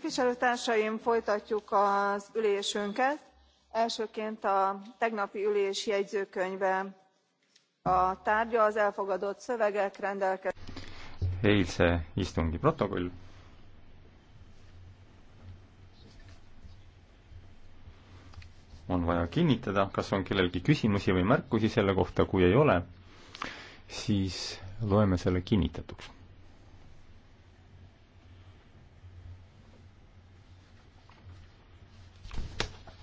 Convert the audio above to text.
képviselőtársaim folytatjuk az ülésünket elsőként a tegnapi ülés jegyzőkönyve a tárgya az elfogadott szövegek rendelkezésre. eilse istungi protokoll on vaja kinnitada kas on kellelgi küsimusi või märkusi selle kohta kui ei ole siis loeme selle kinnitatuks